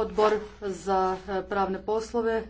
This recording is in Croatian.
odbor za eh, pravne poslove